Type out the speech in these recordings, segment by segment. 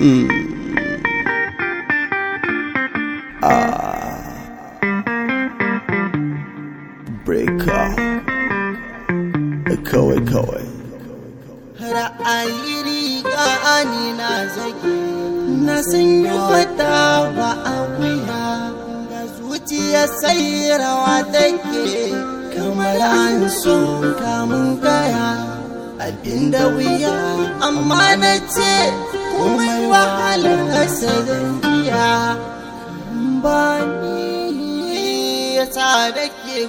Mm. Ah. Kawai kawai. Ra'ayi riga ani na zage. Na sanya wata ba akuya. Da zuciya sai rawa take. Kamar an sun kamun kaya. Abinda wuya amma na ce komai wahalar hasadun biya ba ni ya da ke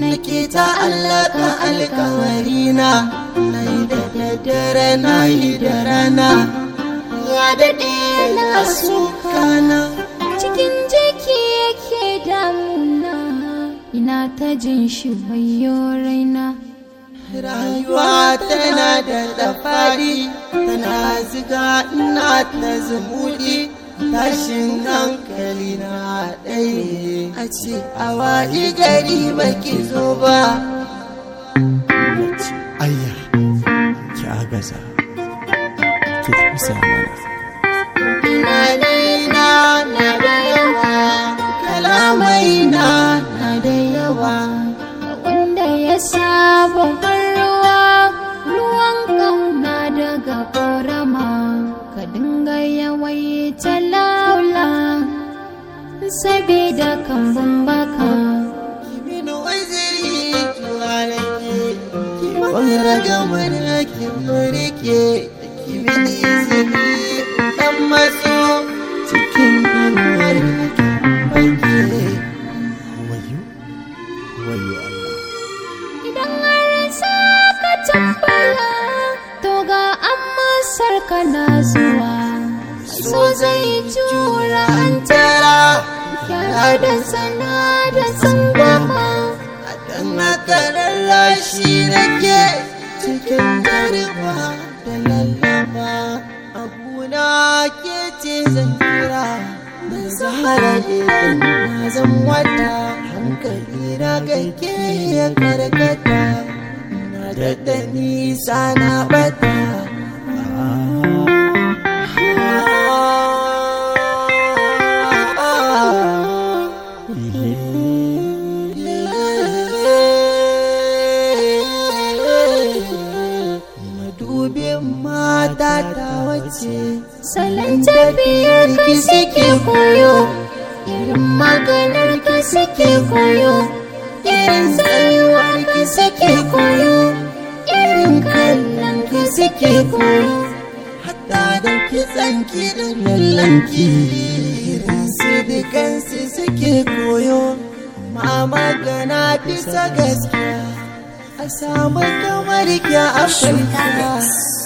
Na nake ta allaka alkawari na yi da daddare na yi da rana ya daɗe na sukana cikin jiki yake damuna ina ta jin shi bayo raina rayuwa tana da tafari tana ziga ina ta zumuɗi tashin hankali na ɗaya a ce a wa'i gari baki zo ba ayya ki agaza ki tafi mana na na da yawa kalamai na na da yawa wanda ya sabon dinga yawaita laula sabida kambun baka kimin waziri tuwarake kimin dan maso cikin wayo wayo Allah idan har sa ka tabbala to ga na zuwa so zai jura an tara ya da sana da sun gama a dan hakarar da ke cikin garba da lallaba abuna ke ce zan jira da zahara idan na zan wata hankali na ganke ya karkata na da nisa na bata tafiyar ki suke koyo irin maganar ki suke koyo irin tsayuwar ki suke koyo irin kallon suke koyo hatta da kitsan da nullanki irin su dukansu suke koyo ma magana bisa gaskiya a samu kamar ki a